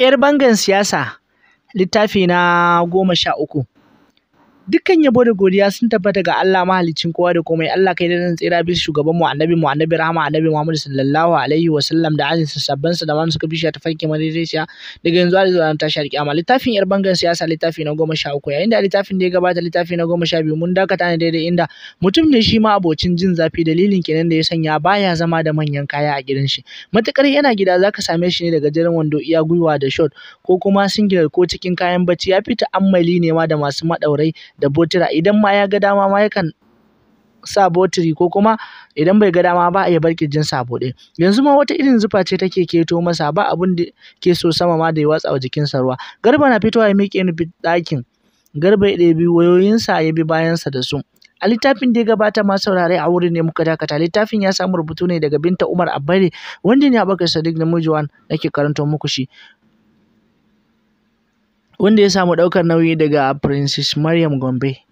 'Yar bangan siyasa, littafi na goma sha uku. dukkan yabo da godiya sun tabbata ga Allah mahaliccin kowa da komai Allah kai da nan tsira bi shugaban mu annabi mu annabi rahama annabi Muhammad sallallahu alaihi wa sallam da azin sabban sa da man suka bishiya ta farke madaidaiciya daga yanzu har zuwa ta shari'a kiyama littafin yar bangan siyasa littafi na 13 yayin da littafin da ya gabata littafi na 12 biyu mun dakata ne daidai inda mutum ne shi ma abocin jin zafi dalilin kenan da ya sanya baya zama da manyan kaya a gidan shi matukar yana gida zaka same shi ne daga jiran wando iya gwiwa da shot ko kuma singular ko cikin kayan bacci ya fita ammali ne ma da masu madaurai da botira idan ma ya ga dama ma yakan sa botiri ko kuma idan bai ga dama ba ya bar kirjin sa bude yanzu ma wata irin zufa ce take keto masa ba abun da ke so sama ma da ya watsa wa jikinsa ruwa garba na fitowa ya miƙe ni ɗakin garba ya ɗebi sa ya bi bayansa da su a littafin da ya gabata ma saurare a wurin ne muka dakata littafin ya samu rubutu ne daga binta umar abare wanda ne abakar sadiq na nake karanto muku shi wanda ya samu ɗaukar nauyi daga Princess Maryam Gombe.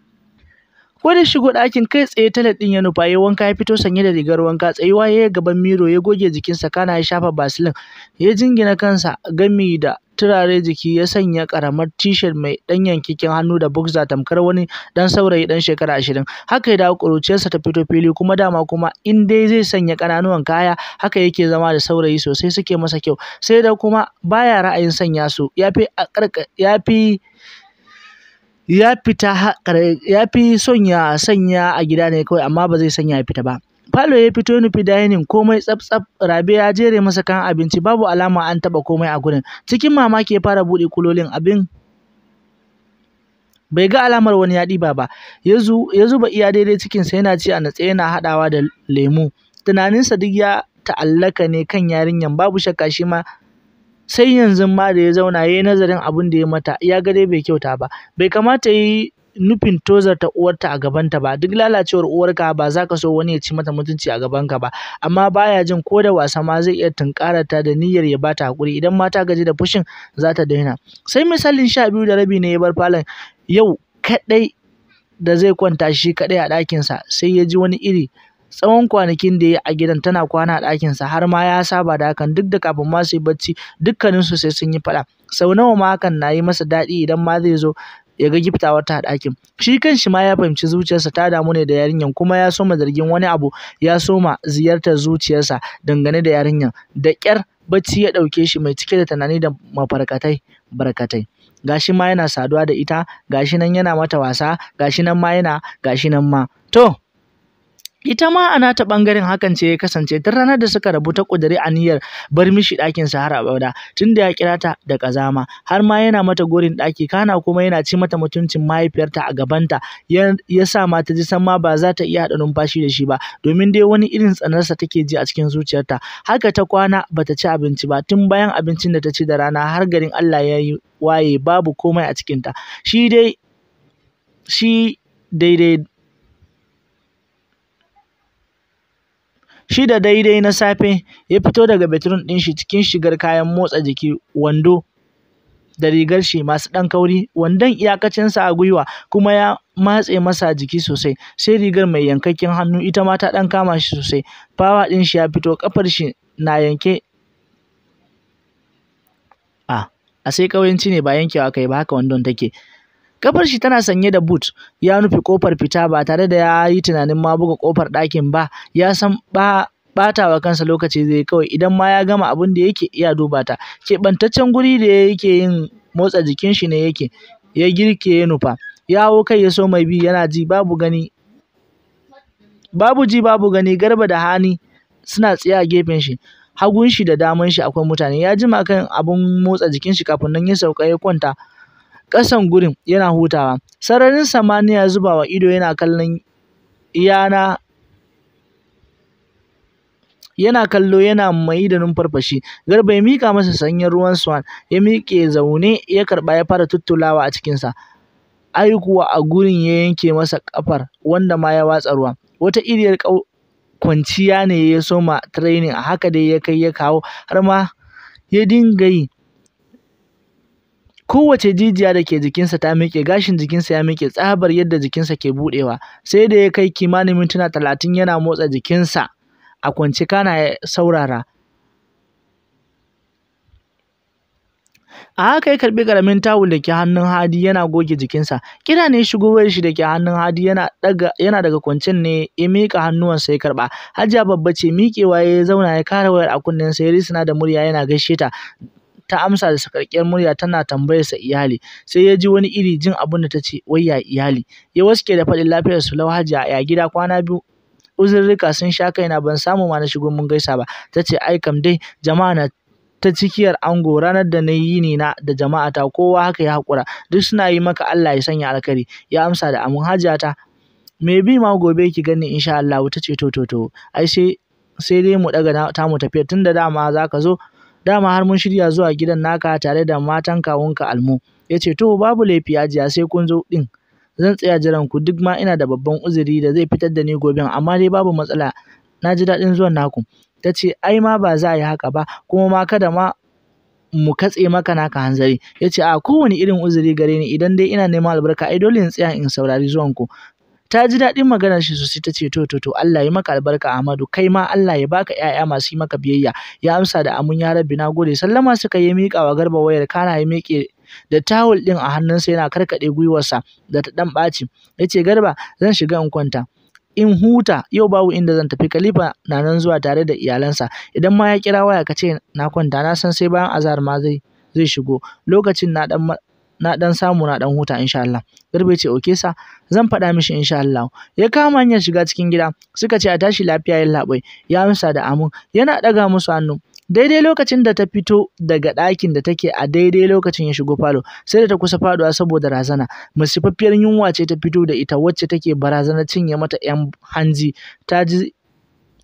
Ko da shigo ɗakin kai tsaye toilet ɗin ya nufa ya wanka ya fito sanye da rigar wanka tsayuwa ya yi gaban miro ya goge jikinsa kana ya shafa basilin ya jingina kansa gami da turare jiki ya sanya karamar t-shirt mai ɗan yankakken hannu da boxer tamkar wani dan saurayi dan shekara ashirin haka ya dawo ƙuruciyarsa ta fito fili kuma dama kuma in dai zai sanya ƙananuwan kaya haka yake zama da saurayi sosai suke masa kyau sai da kuma baya ra'ayin sanya su ya fi yafi ya fita ya fi son ya sanya a gida ne kawai amma ba zai sanya ya fita ba falo ya fito ya nufi dining komai tsaf-tsaf rabe ya jere masa kan abinci babu alama an taba komai a gurin cikin mamaki ya fara buɗe kulolin abin bai ga alamar wani yaɗi ba ba ya zuba iya daidai cikinsa yana ci a natse yana haɗawa da lemu tunaninsa duk ya ta'allaka ne kan yarinyan babu shakka shi ma sai yanzu ma da ya zauna ya yi nazarin abin da ya mata ya ga dai bai kyauta ba bai kamata yi nufin tozarta uwarta a gabanta ba duk lalacewar uwarka ba za ka so wani ya ci mata mutunci a gabanka ba amma baya jin ko da wasa ma zai iya tunkara ta da niyyar ya bata hakuri idan mata gaji da fushin za ta daina sai misalin sha biyu da rabi ne ya bar falon yau kadai da zai kwanta shi kadai a ɗakinsa sai ya ji wani iri tsawon kwanakin da ya a gidan tana kwana a ɗakinsa har ma ya saba da hakan duk da kafin ma su yi bacci su sai sun yi faɗa sau nawa ma hakan na yi masa daɗi idan ma zai zo ya ga giftawar ta a ɗakin shi kanshi ma ya fahimci zuciyarsa ta damu ne da yarinyar kuma ya soma zargin wani abu ya soma ziyartar zuciyarsa dangane da yarinyar da ƙyar bacci ya ɗauke shi mai cike da tunani da mafarkatai barkatai gashi ma yana saduwa da ita gashi nan yana mata wasa gashi nan ma yana gashi nan ma to ita ma a nata ɓangaren hakan ce ya kasance tun ranar da suka rabu ta ƙudiri aniyar bar mishi ɗakin har abada tun da ya kira ta da kazama har ma yana mata gorin ɗaki kana kuma yana ci mata mutuncin mahaifiyarta a gabanta ya sa ma ta ji san ma ba za ta iya haɗa numfashi da shi ba domin dai wani irin tsanarsa take ji a cikin zuciyarta haka ta kwana bata ci abinci ba tun bayan abincin da ta ci da rana har garin Allah ya yi waye babu komai a cikinta shi dai shi daidai Shi da daidai na safe ya fito daga bedroom ɗin shi cikin shigar kayan motsa jiki wando da rigar shi masu ɗan kauri wandon iyakacinsa a gwiwa kuma ya matse masa jiki sosai sai rigar mai yankakken hannu ita ma ta ɗan kama shi sosai fawa ɗin shi ya fito ƙafar shi na yanke a sai ƙauyanci ne ba yankewa kai ba haka wandon take Kafar shi tana sanye da boot, ya nufi kofar fita ba tare da ya yi tunanin ma buga kofar ɗakin ba, ya san ba ɓata wa kansa lokaci zai kawai idan ma ya gama abin da yake iya duba ta. Keɓantaccen guri da yake yin motsa jikin shi ne yake, ya girke ya nufa, ya hau kai ya so mai bi yana ji babu gani babu ji babu gani garba da hani suna tsaye a gefen shi hagun shi da daman shi akwai mutane ya jima kan abun motsa jikin shi kafin nan ya sauka ya kwanta ƙasan gurin yana hutawa. Sararin samaniya zuba wa ido yana kallon yana yana kallo yana mai da numfarfashi garba ya mika masa sanyin ruwan swan ya miƙe zaune ya karɓa ya fara tuttulawa a cikinsa ai kuwa a gurin ya yanke masa ƙafar, wanda ma ya watsa ruwa wata iriyar kwanciya ne ya soma training a haka dai ya kai ya kawo har ma ya dinga yi Kowace jijiya da ke jikinsa ta miƙe, gashin jikinsa ya miƙe tsabar yadda jikinsa ke buɗewa, sai da ya kai kimanin mintuna talatin yana motsa jikinsa a kwance kana saurara. A haka ya karɓi ƙaramin tawul da ke hannun Hadi yana goge jikinsa. Kira ne shigowar shi da ke hannun Hadi yana daga kwancen ne ya miƙa hannuwansa ya karɓa. Hajiya babba ce miƙewa ya zauna ya kara wayar a kunnen sa ya risina da murya yana gaishe ta. ta amsa da sakarkiyar murya tana tambayar sa iyali. Sai ya ji wani iri jin abun da ta ce wai ya iyali. Ya waske da faɗin lafiyar su lauhajiya. ya gida kwana biyu uzurrika sun sha kaina ban samu ma na shigo mun gaisa ba. tace ce ai kam dai jama'a na ta cikiyar ango ranar da na yi ni na da jama'a ta, kowa haka ya hakura duk suna yi maka Allah ya sanya alkari ya amsa da amin hajiya ta me bi ma gobe ki gani insha Allah ta ce to to to ai sai sai dai mu daga mu tafiya, tunda dama zaka zo dama har mun shirya zuwa gidan naka tare da matan kawunka Almu. Ya ce, to babu laifi jiya sai kun zo din? Zan tsaya jiran ku duk ma ina da babban uzuri da zai fitar da ni gobe amma dai babu matsala. Na ji daɗin zuwan naku. Ta ce, ai ma ba za a yi haka ba kuma ma kada ma mu katse maka naka hanzari ya ce a kowane irin uzuri gare ni idan dai ina neman albarka ai dole in tsaya in saurari zuwan ku ta ji daɗin maganar shi sosai ta ce to to to Allah ya maka albarka Ahmadu kai ma Allah ya baka 'ya'ya masu yi maka biyayya ya amsa da amun ya rabbi gode. sallama suka yi miƙa wa garba wayar kana yi miƙe da tawul ɗin a hannunsa yana karkaɗe gwiwarsa da ta ɗan ɓaci ya ce garba zan shiga in kwanta in huta yau babu inda zan tafi kalifa na nan zuwa tare da iyalansa idan ma ya kira waya ka ce na kwanta na san sai bayan azar ma zai zai shigo lokacin na dan na ɗan samu na ɗan huta insha Allah. Garba ce oke sa zan faɗa mishi insha Allah. Ya kama hanyar shiga cikin gida suka ce a tashi lafiya yallaɓai ya amsa da amin yana ɗaga musu hannu. Daidai lokacin da ta fito daga ɗakin da take a daidai lokacin ya shigo falo sai da ta kusa faduwa saboda razana. Masifaffiyar yunwa ce ta fito da ita wacce take barazanar cinye mata 'yan hanji ta ji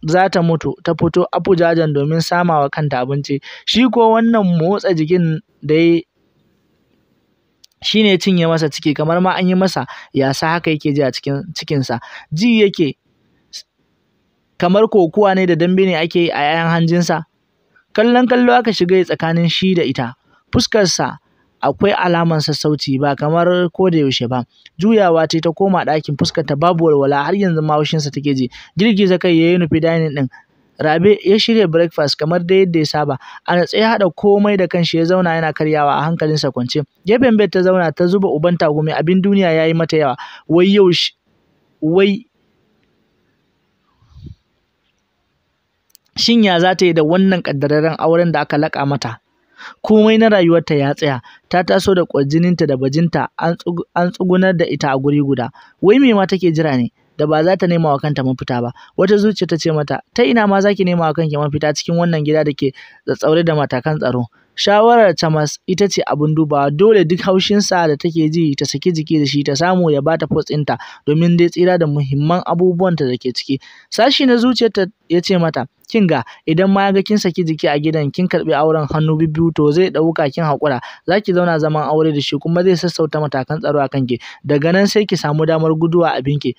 za ta mutu ta fito afujajen domin samawa kanta abinci shi ko wannan motsa jikin da ya shi ne ya cinye masa ciki kamar ma an yi masa yasa haka yake ji a cikin cikinsa ji yake kamar kokuwa ne da dambe ne ake yi a yayan hanjinsa kallon kallo aka shiga tsakanin shi da ita fuskarsa akwai alaman sassauci ba kamar ko da yaushe ba juyawa ce ta koma ɗakin fuskarta babu walwala har yanzu ma haushinsa take ji girgiza kai yayi nufi dining din Rabe ya shirya breakfast kamar dai yadda ya saba. A natse ya haɗa komai da kanshi ya zauna yana karyawa a hankalinsa kwance. Gefen bed ta zauna ta zuba uban tagumi abin duniya ya yi mata yawa. Wai yau wai shin ya za ta yi da wannan ƙaddararren auren da aka laƙa mata? Komai na rayuwarta ya tsaya, ta taso da kwajininta da bajinta an tsugunar da ita a guri guda. Wai me ma take jira ne? da ba za ta nema wa kanta mafita ba wata zuciya ta ce mata ta ina ma zaki nema wa kanki mafita cikin wannan gida da ke tsaure da matakan tsaro shawarar Thomas ita ce abin duba, dole duk haushin sa da take ji ta saki jiki da shi ta samu ya bata post ɗinta domin dai tsira da muhimman abubuwanta da ke ciki sashi na zuciyarta ya ce mata kin ga idan ma ga kin saki jiki a gidan kin karbi auren hannu bibbiyu to zai dauka kin hakura zaki zauna zaman aure da shi kuma zai sassauta matakan tsaro a ki daga nan sai ki samu damar guduwa abinki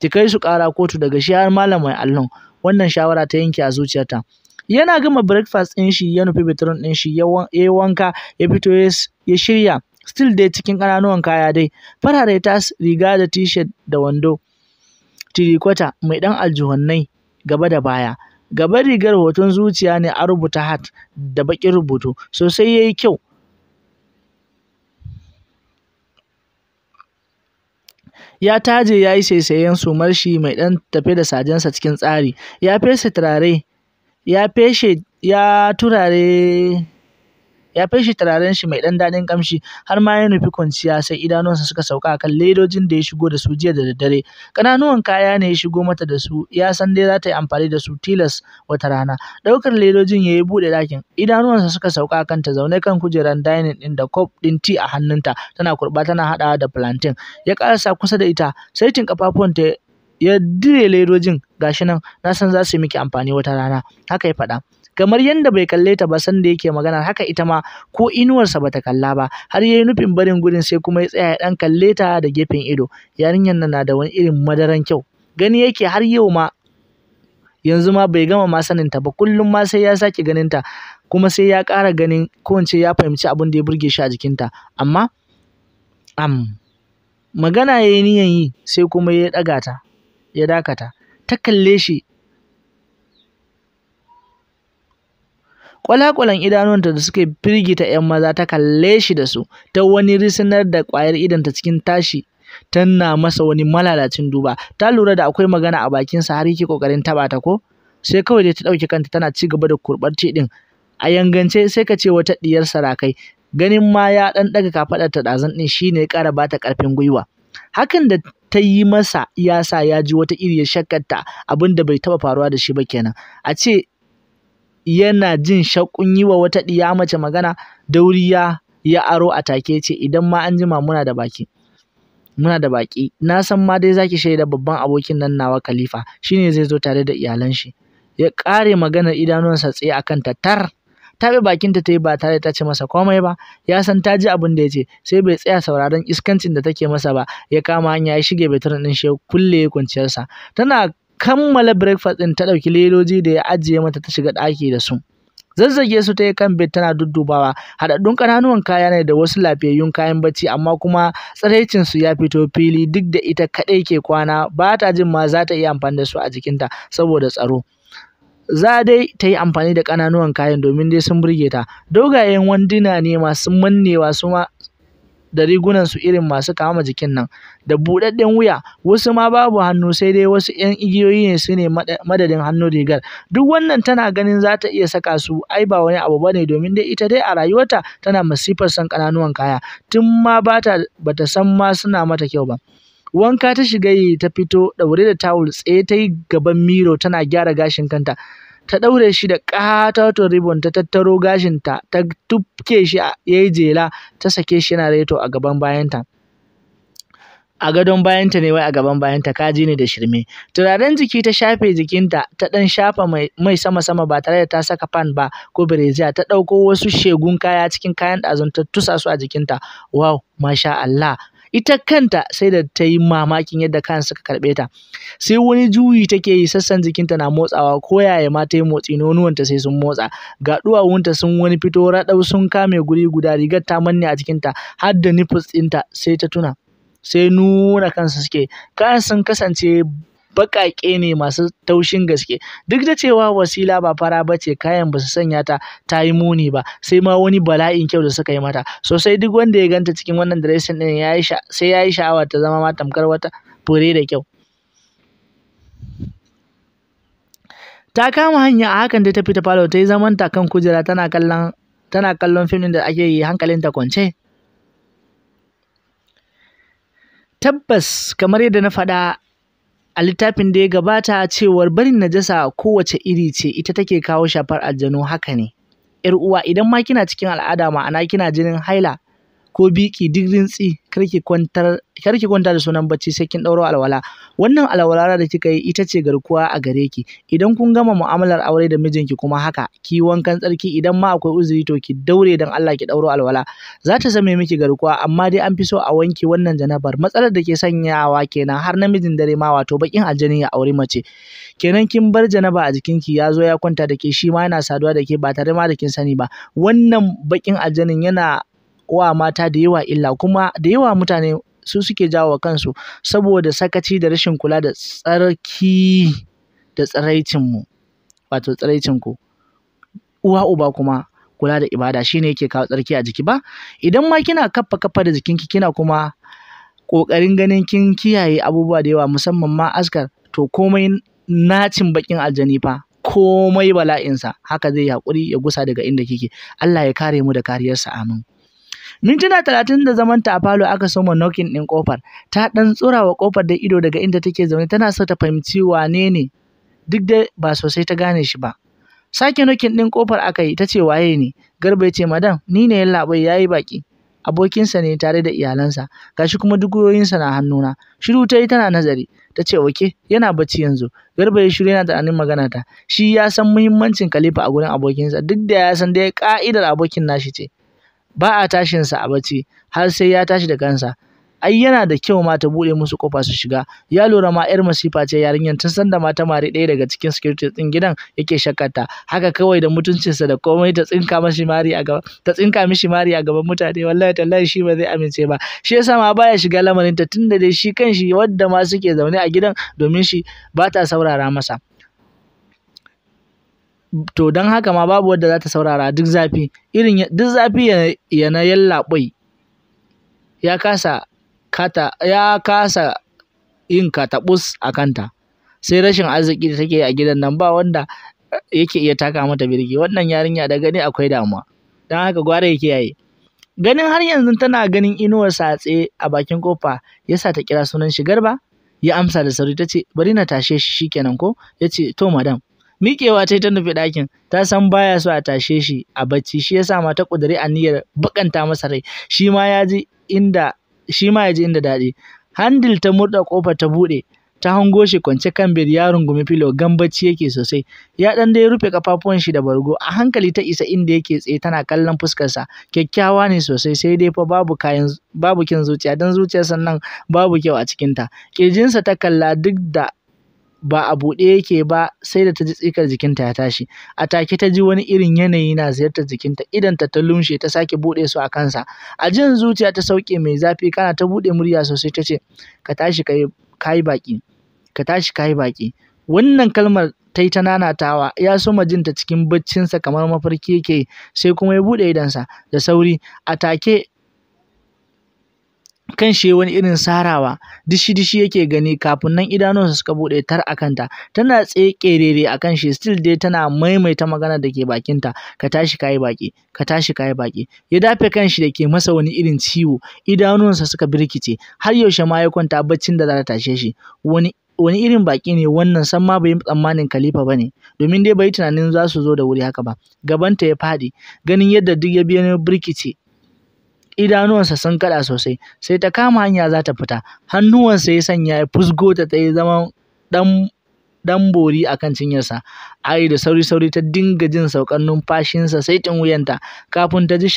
ki kai su ƙara kotu daga shi har mai allon wannan shawara ta yanke a zuciyarta yana gama breakfast ɗin shi ya nufi bedroom ɗin shi ya yi wanka ya fito ya shirya still dai cikin ƙananuwan kaya dai farare ta riga da t-shirt da wando tirikota mai ɗan aljuhannai gaba da baya gaba rigar hoton zuciya ne a rubuta hat da baƙin rubutu sosai ya yi kyau Ya taje ya yi saisayen sumar shi mai ɗan tafe da sajensa cikin tsari, ya fesa turare, ya turare ya feshi turaren shi mai ɗan daɗin kamshi, har ma ya nufi kwanciya sai idanunsa suka sauka kan ledojin da ya shigo da su jiya da daddare ƙananuwan kaya ne ya shigo mata da su ya san dai za ta yi amfani da su tilas wata rana ɗaukar ledojin ya yi buɗe ɗakin idanunsa suka sauka kan ta zaune kan kujeran dining ɗin da kop ɗin ti a hannunta tana kurɓa tana haɗawa da plantain ya ƙarasa kusa da ita sai saitin ta ya dire ledojin gashi nan na san za su yi miki amfani wata rana haka ya faɗa kamar yadda bai kalle ta ba sanda yake magana haka ita ma ko inuwarsa bata kalla ba har yayi nufin barin gurin sai kuma ya tsaya ya dan kalle ta da gefen ido yarinyar nan na da wani irin madaran kyau gani yake har yau ma yanzu ma bai gama ma sanin ta ba kullum ma sai ya sake ganin ta kuma sai ya ƙara ganin ko ya fahimci abin da ya burge shi a jikinta amma am magana yayi yi niyan yi sai kuma ya ɗaga ta ya dakata ta kalle shi Kwalakwalan idanunta da suke firgita ‘yan maza ta kalle shi da su, ta wani risinar da kwayar idonta cikin tashi tana masa wani malalacin duba. Ta lura da akwai magana a bakinsa har yake ƙoƙarin taɓa ta ko? Sai kawai dai ta ɗauki kanta tana ci gaba da kurɓar ce ɗin. A yangance sai ka ce wata ɗiyar sarakai, ganin ma ya ɗan ɗaga kafaɗar ta ɗazan ɗin shi ne ya ƙara bata ƙarfin gwiwa. Hakan da ta yi masa ya sa ya ji wata iriyar shakkarta abin da bai taɓa faruwa da shi ba kenan. A ce yana jin shakkun yi wa wata ɗiya mace magana dauri ya aro a take ce idan ma an jima muna da baki muna da baki na san ma dai zaki shaida babban abokin nan nawa Khalifa shine zai zo tare da iyalan shi ya ƙare maganar idanuwansa tsaye akan ta tar bi bakinta ta yi ba tare ta ce masa komai ba ya san ta ji abin da ya ce sai bai tsaya sauraron iskancin da take masa ba ya kama hanya ya shige betirin ɗin shi ya kulle kwanciyarsa tana kammala breakfast ɗin ta ɗauki ledoji da ya ajiye mata ta shiga ɗaki da su. Zazzage su ta yi kan bed tana duddubawa, haɗaɗɗun ƙananuwan kaya ne da wasu lafiyayyun kayan bacci amma kuma tsaraicin su ya fito fili duk da ita kaɗai ke kwana ba ta jin ma za ta iya amfani da su a jikinta saboda tsaro. za dai ta yi amfani da ƙananuwan kayan domin dai sun burge ta dogayen wanduna ne masu mannewa su ma da rigunansu irin masu kama jikin nan da buɗaɗɗen wuya wasu ma babu hannu sai dai wasu 'yan igiyoyi ne su ne madadin hannun rigar duk wannan tana ganin za ta iya saka su ai ba wani abu bane domin dai ita dai a rayuwarta tana masifar son ƙananuwan kaya tun ma ba ta bata san ma suna mata kyau ba wanka ta shiga yi ta fito ɗaure da tawul tsaye ta yi gaban miro tana gyara gashin kanta ta ɗaure shi da ƙataton ribon ta tattaro gashinta ta tufke shi ya yi jela ta sake shi yana reto a gaban bayanta a gadon bayanta ne wai a gaban bayanta ka ji ne da shirme turaren jiki ta shafe jikinta ta ɗan shafa mai sama sama ba tare da ta saka fan ba ko bireziya ta ɗauko wasu shegun kaya cikin kayan ɗazun ta tusa su a jikinta wow masha Allah ita kanta sai da ta yi mamakin yadda kan suka karɓe ta sai wani juyi take yi sassan jikinta na motsawa ko yaya ma ta yi motsi nonuwanta sai sun motsa ga duwawunta sun wani fito raɗau sun kame guri guda rigar ta manne a jikinta har da nifus ɗinta sai ta tuna sai nuna kansa suke kayan sun kasance baƙaƙe ne masu taushin gaske duk da cewa wasila ba fara ba ce kayan ba su sanya ta ta yi muni ba sai ma wani bala'in kyau da suka yi mata sosai duk wanda ya ganta cikin wannan dressing din sai ya yi sha'awa ta zama ma tamkar wata fure da kyau ta kama hanya a hakan da ta fita falo ta yi zaman ta kan kujera tana kallon tana kallon fim din da ake yi hankalin ta kwance tabbas kamar yadda na faɗa a littafin da ya gabata cewar barin najasa kowace iri ce ita take kawo shafar aljanu haka ne. ‘Yar uwa idan ma kina cikin al'ada ma'ana kina jinin haila ko biki duk rintsi karki kwantar kar kwanta da sunan bacci sai kin ɗauro alwala wannan alwala da kika yi ita ce garkuwa a gare ki idan kun gama mu'amalar aure da mijinki kuma haka ki wankan tsarki idan ma akwai uzuri to ki daure dan Allah ki ɗauro alwala za ta zame miki garkuwa amma dai an fi so a wanke wannan janabar matsalar da ke sanyawa kenan har namijin dare ma wato bakin aljani ya aure mace kenan kin bar janaba a jikinki ya zo ya kwanta da ke shi ma yana saduwa da ke ba tare ma da kin sani ba wannan bakin aljanin yana wa mata da yawa illa kuma da yawa mutane su suke jawo wa kansu saboda sakaci da rashin kula da tsarki da tsiraicinmu wato uwa uba kuma kula da ibada shine yake kawo tsarki a jiki ba idan ma kina kaffa kaffa da jikinki kina kuma ƙoƙarin ganin kin kiyaye abubuwa da yawa musamman ma askar to komai nacin bakin aljani fa komai bala'insa haka zai yi haƙuri ya gusa daga inda kike Allah ya kare mu da kariyarsa amin Mintuna talatin da zamanta a falo aka soma nokin ɗin ƙofar. Ta ɗan wa ƙofar da ido daga inda take zaune tana so ta fahimci wane ne duk da ba sosai ta gane shi ba. Sake nokin ɗin ƙofar aka yi ta ce waye ne? Garba ya ce madam ni ne yallaɓai ya yi baƙi. Abokinsa ne tare da iyalansa, gashi kuma duk dukiyoyinsa na hannuna. Shiru ta yi tana nazari, ta ce oke yana bacci yanzu. Garba ya shiru yana tunanin magana ta. Shi ya san muhimmancin Khalifa a gurin abokinsa duk da ya san dai ka'idar abokin nashi ce. ba a sa a bacci har sai ya tashi da kansa. Ai yana da kyau ma ta buɗe musu ƙofa su shiga. Ya lura ma 'yar masifa ce yarinyar tun sanda ma ta mari ɗaya daga cikin security ɗin gidan yake shakkata. Haka kawai da mutuncinsa da komai ta tsinka mishi mari a gaba, ta tsinka mishi mari a gaban mutane wallahi tallahi shi ba zai amince ba. Shi yasa ma baya shiga lamarin ta, tunda dai shi kanshi wadda ma suke zaune a gidan domin shi ba ta saurara masa. to don haka ma babu wadda za ta saurara duk zafi irin duk zafi ya na yallaɓai ya kasa kata ya kasa yin katabus a kanta sai rashin arziki da take a gidan nan ba wanda yake iya taka mata birki wannan yarinya da gani akwai damuwa don haka gwara yake yayi ganin har yanzu tana ganin inuwar sa tsaye a bakin kofa yasa ta kira sunan shi garba ya amsa da sauri tace bari na tashe shi shikenan ko yace to madam miƙewa ta yi ta nufi ɗakin ta san baya so a tashe shi a bacci shi yasa ma ta ƙudiri aniyar baƙanta masa rai shi ma ya ji inda daɗi handil ta murɗa ƙofa ta buɗe ta hango shi kwance kan bed ya rungumi filo bacci yake sosai ya ɗan dai rufe kafafuwan shi da bargo a hankali ta isa inda yake tsaye tana kallon fuskarsa kyakkyawa ne sosai sai dai fa babu kayan babu kin zuciya dan zuciyar nan babu kyau a cikin ta kirjinsa ta kalla duk da ba a buɗe yake ba sai da ta ji tsikar jikinta ya tashi a take ta ji wani irin yanayi na ziyartar jikinta idan ta ta lumshe ta sake buɗe su a kansa a jin zuciya ta sauke mai zafi kana ta buɗe murya sosai ta ce ka tashi ka yi baki ka tashi ka baki wannan kalmar ta yi ta nanatawa ya soma jinta cikin baccinsa kamar mafarki yake sai kuma ya buɗe idansa. da sauri a take kan shi wani irin sarawa dishi dishi yake gani kafin nan idanunsa suka bude tar kanta. tana tsaye kerere kan shi still dai tana maimaita magana da ke bakinta ka tashi kayi baki ka tashi kayi baki ya dafe kan shi da ke masa wani irin ciwo idanunsa suka birkice har yaushe ma ya kwanta baccin da za ta tashe shi wani wani irin baki ne wannan san ma bai tsammanin Khalifa ne. domin dai bai tunanin za su zo da wuri haka ba gabanta ya faɗi. ganin yadda duk ya biyo birkice idanuwansa sun kaɗa sosai sai ta kama hanya za ta fita hannuwansa ya sanya ya fusgo ta tsaye yi zaman dan bori a kan cinyarsa ai da sauri sauri ta dinga jin saukar numfashinsa sai tin wuyanta kafin ta ji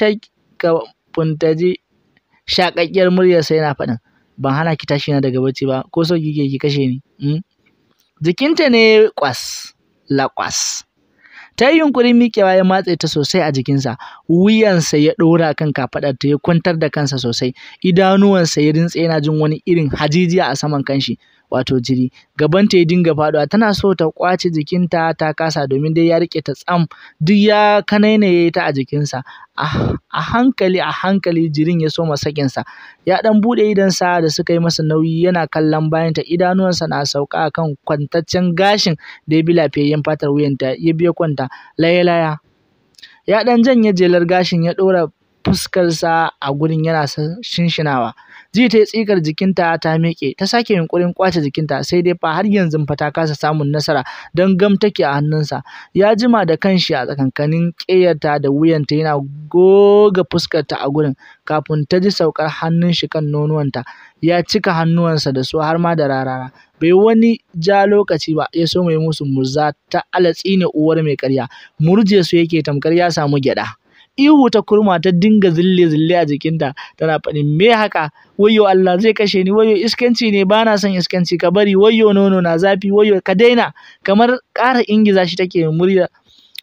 kafin ta ji shakakkiyar muryarsa yana faɗin ban hana ki tashi na daga bacci ba ko sauki ke ki kashe ni hmm? jikinta ne kwas la kwas. ta yi yunkurin miƙewa ya matse ta sosai a jikinsa wuyansa ya ɗora kan kafaɗarta ya kwantar da kansa sosai idanuwansa ya rintse yana jin wani irin hajijiya a saman kanshi wato jiri gaban ta ya dinga faduwa tana so ta kwace jikinta ta kasa domin dai ya rike ta tsam duk ya kanainaye ta a jikinsa a hankali a hankali jirin ya soma sakinsa ya dan bude idansa da suka yi masa nauyi yana kallon bayanta idanuwansa na sauka kan kwantaccen gashin da ya bi lafiyayyen fatar wuyanta ya biya kwanta layalaya ya dan janye jelar gashin ya dora fuskarsa a gurin yana shinshinawa ji ta yi tsikar jikinta ta miƙe ta sake yunkurin kwace jikinta sai dai fa har yanzu fa ta kasa samun nasara don gam take a hannunsa ya jima da kanshi a tsakankanin ƙeyarta da wuyanta yana goga fuskarta a gurin kafin ta ji saukar hannun shi kan nonuwanta ya cika hannuwansa da su har ma da rarara bai wani ja lokaci ba ya so mai musu murza ta alatsi uwar mai karya murje su yake tamkar ya samu gyada ihu ta kurma ta dinga zille-zille a jikinta tana faɗin me haka wayyo Allah zai kashe ni wayyo iskanci ne ba na son iskanci ka bari wayyo nono na zafi wayyo ka daina kamar ƙara ingiza shi take murya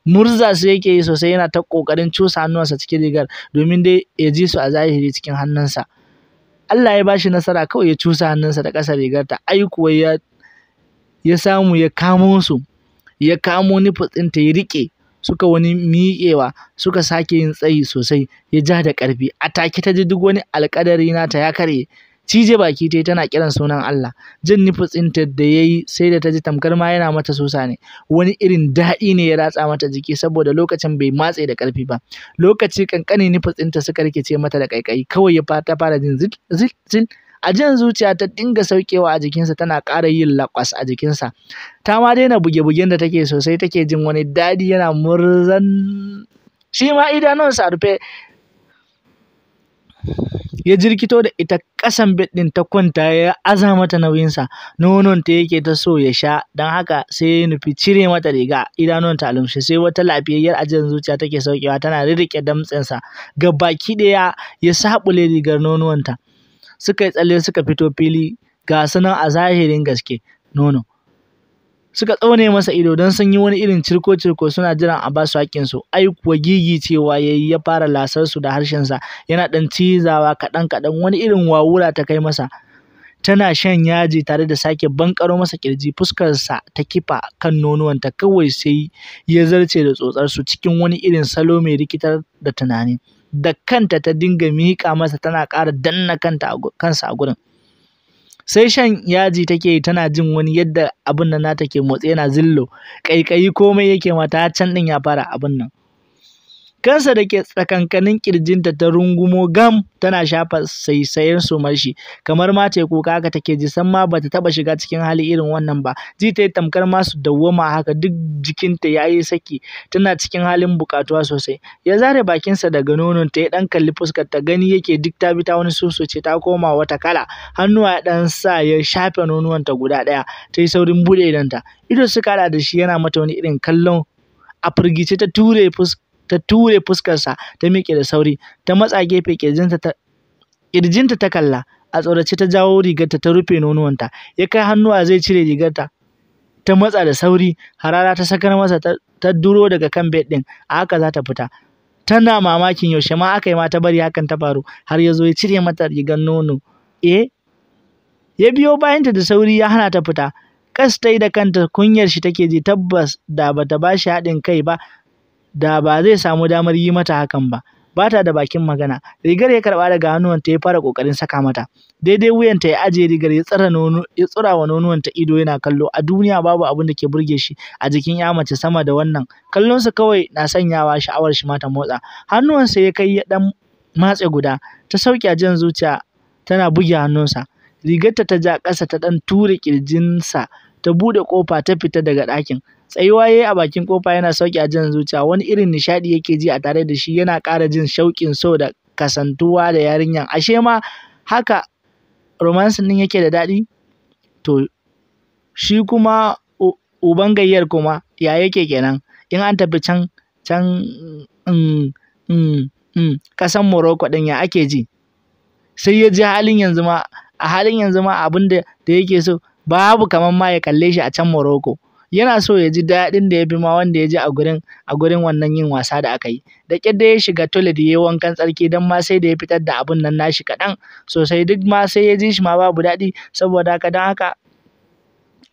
murza su yake yi sosai yana ta ƙoƙarin cusa hannuwansa cikin rigar domin dai ya ji su a zahiri cikin hannunsa Allah ya bashi nasara kawai ya cusa hannunsa da ƙasa rigarta ai kuwa ya samu ya kamo su ya kamo nufin ta ya riƙe suka wani miƙewa suka sake yin tsayi sosai ya ja da ƙarfi a take ta ji duk wani alƙadari na ta ya karye cije baki ta tana kiran sunan Allah jin ta da yayi sai da ta ji tamkar ma yana mata susa ne wani irin daɗi ne ya ratsa mata jiki saboda lokacin bai matse da ƙarfi ba lokaci kankani ta suka rikice mata da ƙaiƙayi kawai ya fara jin zil zil zil Ajiyan zuciya ta dinga saukewa a jikinsa tana ƙara yin laƙwas a jikinsa. Ta ma daina buge-bugen da take sosai take jin wani daɗi yana murzan. Shi ma idanunsa a rufe ya jirkito da ita ƙasan bed ta kwanta ya aza mata nauyinsa nonon ta yake ta so ya sha don haka sai ya nufi cire mata riga idanun ta lumshe sai wata lafiyayyar ajiyar zuciya take saukewa tana rirriƙe damtsensa ga baki ɗaya ya saɓule rigar nonuwanta suka yi tsalle suka fito fili ga su a zahirin gaske nono suka tsaune masa ido don sun yi wani irin cirko-cirko suna jiran a basu haƙƙinsu ai kuwa gigi cewa ya yi ya fara lasar su da sa, yana ɗan cizawa kaɗan-kaɗan wani irin wawura ta kai masa tana shan yaji tare da sake bankaro masa kirji fuskarsa ta kifa kan nonuwanta kawai sai ya zarce da tsotsar su, cikin wani irin salo mai rikitar da tunani da kanta ta dinga miƙa masa tana ƙara danna kanta kansa a gurin sai shan yaji take yi tana jin wani yadda abin nan nata ke motsi yana zillo ƙaiƙayi komai yake mata har can ɗin ya fara abin nan kansa da ke tsakankanin kirjinta ta rungumo gam tana shafa saisayen su mashi kamar ma ta kuka haka take ji san ma bata taba shiga cikin hali irin wannan ba ji ta tamkar ma su dawwama haka duk jikinta yayi saki tana cikin halin bukatuwa sosai ya zare bakinsa daga nonon ta ya dan kalli fuskar ta gani yake duk ta bi ta wani ce ta koma wata kala hannuwa ya dan sa ya shafe nonuwanta guda daya ta yi saurin bude ta ido suka da shi yana mata wani irin kallon a firgice ta ture fuskar ta ture fuskarsa ta miƙe da sauri ta matsa gefe ƙirjinta ta kalla a tsorace ta jawo rigarta ta rufe nonuwanta ya kai hannuwa zai cire rigarta ta matsa da sauri harara ta sakar masa ta duro daga kan bed ɗin a haka za ta fita tana mamakin yaushe ma aka yi ma ta bari hakan ta faru har ya zo ya cire mata rigar nono eh ya biyo bayanta da sauri ya hana ta fita kas ta yi da kanta kunyar shi take ji tabbas da bata bashi haɗin kai ba da ba zai samu damar yi mata hakan ba. Ba ta da bakin magana. Rigar ya karɓa daga hannuwanta ya fara ƙoƙarin saka mata. Daidai wuyanta ya ajiye rigar ya tsara nono ya tsura wa nonuwanta ido yana kallo. A duniya babu abin da ke burge shi a jikin ya mace sama da wannan. kallon sa kawai na sanyawa sha'awar shi mata ta motsa. Hannuwansa ya kai ya ɗan matse guda. Ta sauke a jan zuciya tana buge hannunsa. Rigarta ta ja ƙasa ta ɗan ture ƙirjinsa ta buɗe ƙofa ta fita daga ɗakin. Tsayuwa yayi a bakin kofa yana sauke jin zuciya, wani irin nishaɗi yake ji a tare da shi yana ƙara jin shauƙin so da kasantuwa da yarinyan Ashe ma haka romance din yake da daɗi? To shi kuma uban gayyar kuma ya yake kenan? In an tafi can can mm, mm, mm, ƙasan Morocco ɗin ya ake ji? Sai ya ji halin yanzu ma a halin yanzu ma abin da yake so babu kaman ma ya kalle shi a can Morocco. yana so ya ji daɗin da ya fi ma wanda ya ji a gurin a gurin wannan yin wasa da aka yi da ƙyar da ya shiga toilet ya yi wankan tsarki don ma sai da ya fitar da abun nan nashi kaɗan sosai duk ma sai ya ji shi ma babu daɗi saboda haka don haka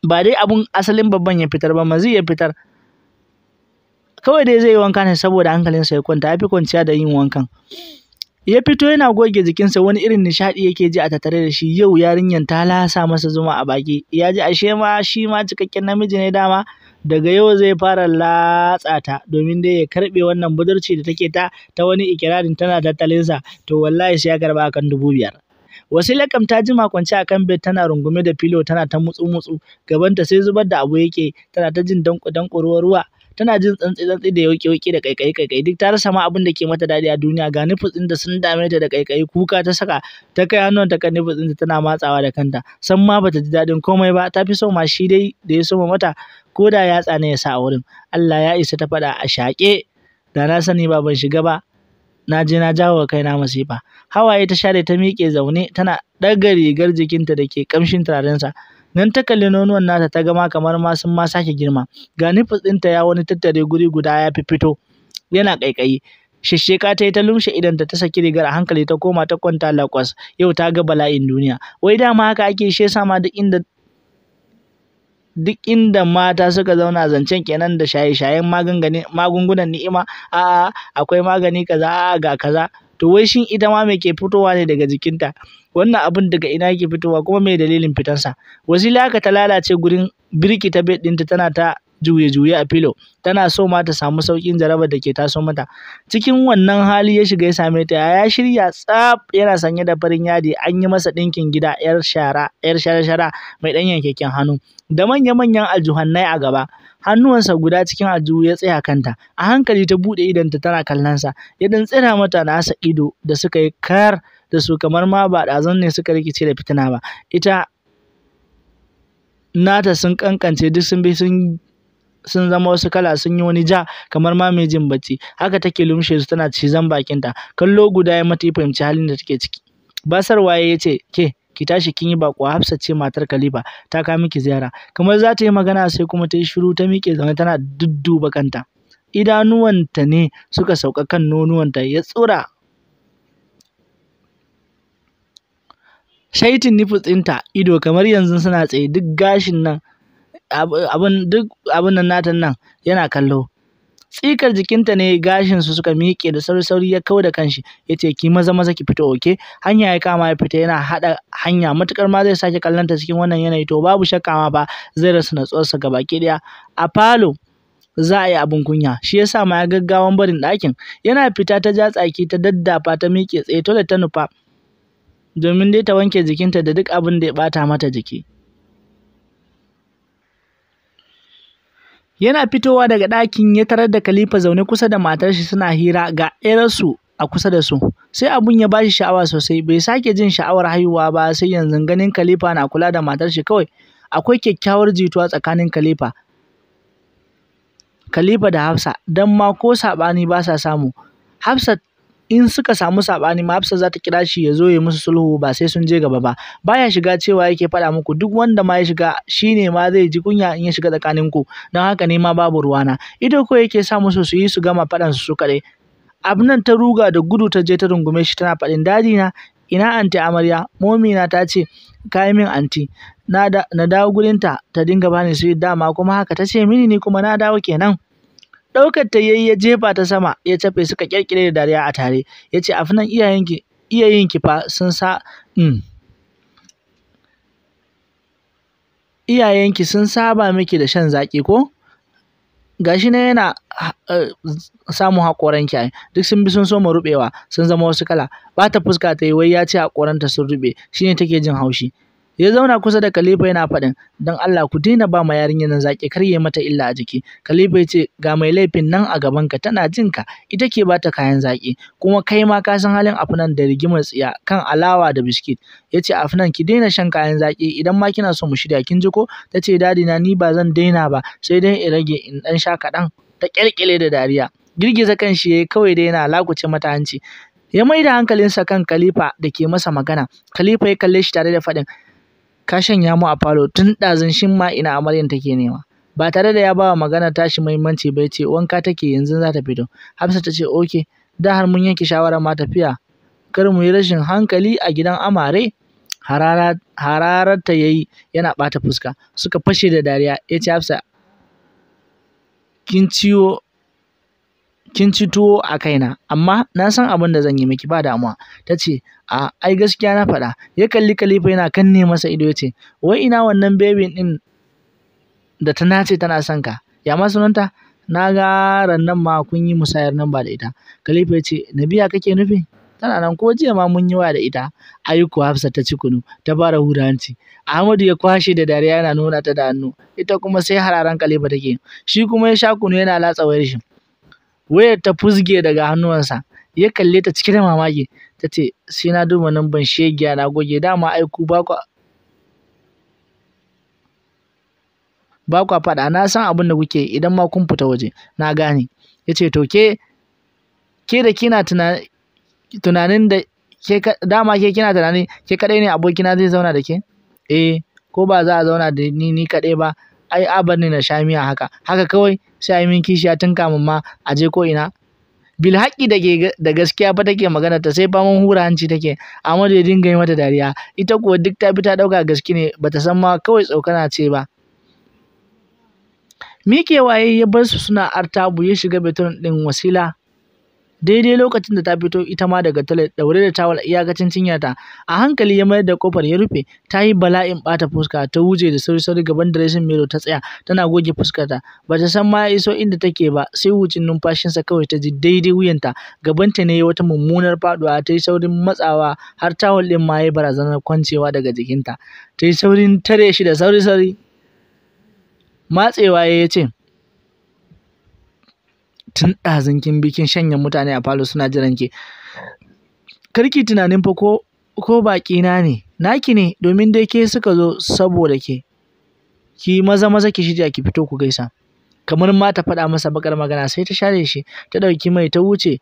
ba dai abun asalin babban ya fitar ba mazi ya fitar kawai dai zai yi wanka ne saboda hankalinsa ya kwanta ya fi kwanciya da yin wankan. ya fito yana goge jikinsa wani irin nishaɗi yake ji a tattare da shi yau yarinyar ta lasa masa zuma a baki ya ji ashe ma shi ma cikakken namiji ne dama daga yau zai fara latsa ta domin dai ya karɓe wannan budurci da take ta ta wani ikirarin tana tattalinsa to wallahi sai ya karba akan dubu biyar kam ta jima kwance a kan bed tana rungume da filo tana ta mutsu mutsu gabanta sai zubar da abu yake tana ta jin danko danko ruwa tana jin tsantsi-tsantsi da yauƙi-yauƙi da ƙaiƙayi-ƙaiƙayi duk ta rasa ma abin da ke mata daɗi a duniya ga nufus ɗin da sun dame ta da ƙaiƙayi kuka ta saka ta kai hannun ta kan nufus ɗin tana matsawa da kanta san ma bata ji daɗin komai ba ta fi so ma shi dai da ya soma mata ko da ya tsane ya sa a wurin Allah ya isa ta faɗa a shaƙe da na sani ba ban shiga ba na je na jawo na masifa hawaye ta share ta miƙe zaune tana ɗaga rigar jikinta da ke ƙamshin turarensa Nan ta kalli nonuwan nata ta gama kamar ma sun ma sake girma. Ga nufus ɗinta ya wani tattare guri guda ya fito yana kaikayi. Shishsheka ta yi ta lumshe idonta ta saki rigar a hankali ta koma ta kwanta lakwas. Yau ta ga bala'in duniya. Wai dama haka ake shi yasa ma duk inda duk inda mata suka zauna zancen kenan da shaye-shayen magungunan ni'ima a'a akwai magani kaza a'a ga kaza to wai shin ita ma me ke fitowa ne daga jikinta wannan abun daga ina yake fitowa kuma me dalilin fitansa wasila ka ta lalace gurin birki ta bed ɗinta tana ta juye-juye a filo tana so ma ta samu saukin jarabar da ke taso mata cikin wannan hali ya shiga ya same ta ya shirya tsaf yana sanye da farin yadi an yi masa ɗinkin gida yar shara yar shara-shara mai ɗanyen keken hannu da manya-manyan aljuhannai a gaba hannuwansa guda cikin aljihu ya tsaya kanta. A hankali ta buɗe idanta tana kallonsa, ya dan tsira mata asa ido da suka yi kar da su kamar ma ba ɗazun ne suka rikice da fitina ba. Ita nata sun kankance duk sun bi sun sun zama wasu kala sun yi wani ja kamar ma mai jin bacci haka take lumshe su tana cizon bakinta kallo guda ya mata fahimci halin da take ciki waye ya ce ke ki tashi kin yi bako Hafsat ce matar Khalifa ta kawo miki ziyara kamar za ta yi magana sai kuma ta yi shiru ta miƙe zaune tana dudduba kanta idanuwanta ne suka sauka kan nonuwanta ya tsura shaitin nufutsinta ido kamar yanzu suna tsaye duk gashin nan abin nan nata nan yana kallo Tsikar jikinta ne gashinsu suka miƙe da sauri-sauri ya kau da kanshi, ya ce ki maza maza ki fito oke. Hanya ya kama ya fita yana haɗa hanya matukar ma zai sake kallon ta cikin wannan yanayi to babu shakka ma ba zai rasa sa gaba ɗaya. A falo za a yi abin kunya shi yasa ma ya gaggawan barin ɗakin yana fita ta ja tsaki ta daddafa ta miƙe tsaye da ta nufa domin dai ta wanke jikinta da duk abin da ya bata mata jiki. Yana fitowa daga ɗakin ya tarar da Khalifa zaune kusa da matarshi suna hira ga ‘yarsu a kusa da su. Sai abun ya bashi sha'awa sosai, bai sake jin sha'awar haihuwa ba sai yanzu ganin Khalifa na kula da matar shi kawai. Akwai kyakkyawar jituwa tsakanin Khalifa Khalifa da Hafsa, dan ma ko saɓani ba sa samu. Hafsat in suka samu saɓani ma Hafsa za ta kira shi ya zo ya musu sulhu ba sai sun je gaba ba baya shiga cewa yake faɗa muku duk wanda ma ya shiga ne ma zai ji kunya in ya shiga tsakanin ku don haka ne ma babu ruwana ido ko yake sa musu su yi su gama faɗan su kaɗai abnan ta ruga da gudu ta je ta rungume shi tana faɗin daji na ina anti amarya momina ta ce kayi min anti na dawo gurinta ta dinga bani su dama kuma haka ta ce mini ni kuma na dawo kenan Ɗaukar ta yayi ya jefa ta sama ya cafe suka kirkire da dariya a tare. Ya ce afinan iyayen iyayenki fa sun sa mm, ki sun saba miki da shan zaki, ko? Gashi na yana eh, samun hakoran ki duk sun bi sun soma ruɓewa sun zama wasu kala. ba ta fuska ta yi wai ya ce haƙoranta sun ruɓe shine take jin haushi. ya zauna kusa da Khalifa yana faɗin don Allah ku daina ba ma yarinyar nan zaƙi kar ya mata illa a jiki Khalifa ya ce ga mai laifin nan a gaban ka tana jin ka ita ke bata kayan zaki. kuma kai ma ka san halin afinan da rigimar tsiya kan alawa da biskit ya ce afunan ki daina shan kayan zaki. idan ma kina so mu shirya kin ji ko ta ce dadi na ni ba zan daina ba sai dai in rage in ɗan sha kaɗan ta ƙyalƙyale da dariya girgiza kan shi yayi kawai dai yana lakuce mata hanci ya mai da hankalinsa kan Khalifa da ke masa magana Khalifa ya kalle shi tare da faɗin ka shanya mu a falo tun ɗazun shin ma ina amaryan take nema ba tare da ya ba wa maganar tashi muhimmanci ba yace ce wanka take yanzu za ta fito hafsa ta ce oke da har mun yanke shawarar ma tafiya kar mu yi rashin hankali a gidan amare hararar ta yayi yana ɓata fuska suka fashe da dariya ya ce hafsa kin ciwo kin ci tuwo a kaina amma na san abin da zan yi miki ba damuwa ta ce a ai gaskiya na faɗa ya kalli kalifa yana kanne masa ido ya ce wai ina wannan bebin din da ta nace tana son ka ya ma sunanta na ga rannan ma kun yi musayar nan ba da ita kalifa ya ce Nabiya kake nufin? tana nan ko jiya ma mun yi wa da ita aiko hafsa ta ci kunu ta fara hudanci hanci Ahmadu ya kwashe da dariya yana nuna ta da hannu ita kuma sai hararan kalifa take shi kuma ya sha kunu yana latsa wayar shi Wayar ta fusge daga hannuwansa. Ya kalle ta cike mamaki. Ta ce, sai na duba namban shegiya na goge dama ai ku ba ku ba ku faɗa na san abin da kuke idan ma kun fita waje na gane ya ce to ke ke da kina tunanin da ke dama ke kina tunanin ke kaɗai ne abokina zai zauna da ke eh ko ba za a zauna da ni ni kaɗai ba ai abar ne na sha miya haka haka kawai sai a yi min kishiya tun kamun ma a je ko ina bil haƙƙi da gaskiya fa take magana ta sai faman hura hanci take da ya dinga yi mata dariya ita kuwa duk ta fi ta ɗauka gaske ne bata san ma kawai tsaukana ce ba Mike waye ya bar su suna artabu ya shiga beton ɗin wasila daidai lokacin da ta fito ita ma daga toilet daure da tawul iyakacin ta, a hankali ya mayar da kofar ya rufe ta yi bala'in bata fuska ta wuce da sauri sauri gaban direshin mirror ta tsaya tana goge fuskarta ba ta san ma ya iso inda take ba sai wucin numfashinsa kawai ta ji daidai wuyanta gabanta ne wata mummunar faduwa ta yi saurin matsawa har tawal din ma ya barazanar kwancewa daga jikinta ta yi saurin tare shi da sauri sauri matsewa ya ce tun ɗazin kin bi mutane a falo suna jiran ki karki tunanin fa ko ko baki na ne naki ne domin dai ke suka zo saboda ke ki maza maza ki shirya ki fito ku gaisa kamar ma ta faɗa masa bakar magana sai ta share shi ta ɗauki mai ta wuce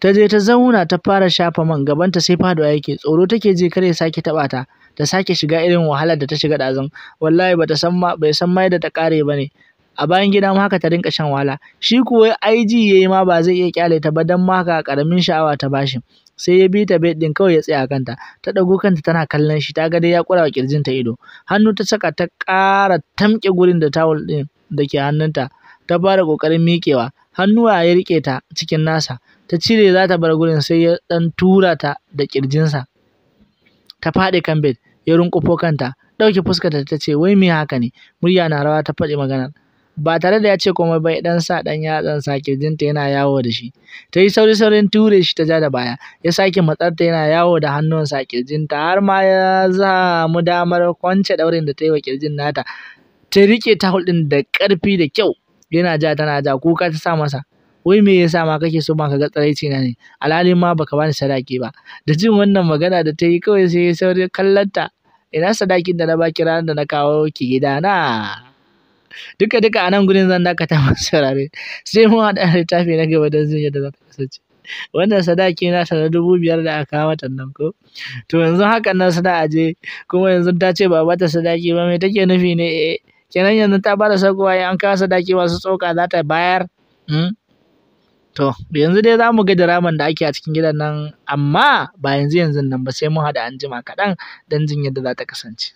ta je ta zauna ta fara shafa man gabanta sai faduwa yake tsoro take ji kare sake taɓa ta ta sake shiga irin wahalar da ta shiga ɗazun wallahi bata san ma bai san ma yadda ta ƙare ba ne a bayan gida ma haka ta rinka shan wahala shi kuwa IG yayi ma ba zai iya kyale ta ba dan ma haka karamin sha'awa ta bashi sai ya bi ta bed din kawai ya tsaya kanta ta dago kanta tana kallon shi ta ga dai ya kura wa kirjin ta ido hannu ta saka ta ƙara tamke gurin da tawul din da ke hannunta ta fara kokarin mikewa hannuwa ya rike ta cikin nasa ta cire za ta bar gurin sai ya dan tura ta da kirjinsa ta faɗi kan bed ya runkufo kanta ɗauke fuskarta ta ce wai me haka ne murya na rawa ta faɗi maganar ba tare da ya ce komai ba ya dan sa dan sa kirjinta yana yawo da shi ta yi sauri saurin ture shi ta ja da baya ya sake matsarta yana yawo da hannun sa kirjinta har ma ya samu damar kwance daurin da ta yi wa kirjin nata ta rike ta hulɗin da ƙarfi da kyau yana ja tana ja kuka ta sa masa wai me yasa ma kake so ma ka ga tsaraici na ne alhali ma baka bani sadaki ba da jin wannan magana da ta yi kawai sai ya sauri kallanta ina sadakin da na baki ranar da na kawo ki gida na duka duka a nan gurin zan dakata masu saurare sai mu haɗa littafi na gaba don zai yadda za ta kasance wannan sadaki na ta dubu biyar da aka hawa mata nan ko to yanzu hakan nan suna aje kuma yanzu ta ce ba bata sadaki ba mai take nufi ne eh kenan yanzu ta bada sakowa an kawo sadaki masu tsoka za ta bayar hmm? To, yanzu dai za mu ga diraman da ake a cikin gidan nan, amma ba yanzu yanzu nan ba sai mu haɗa anjima kaɗan don jin yadda za ta kasance.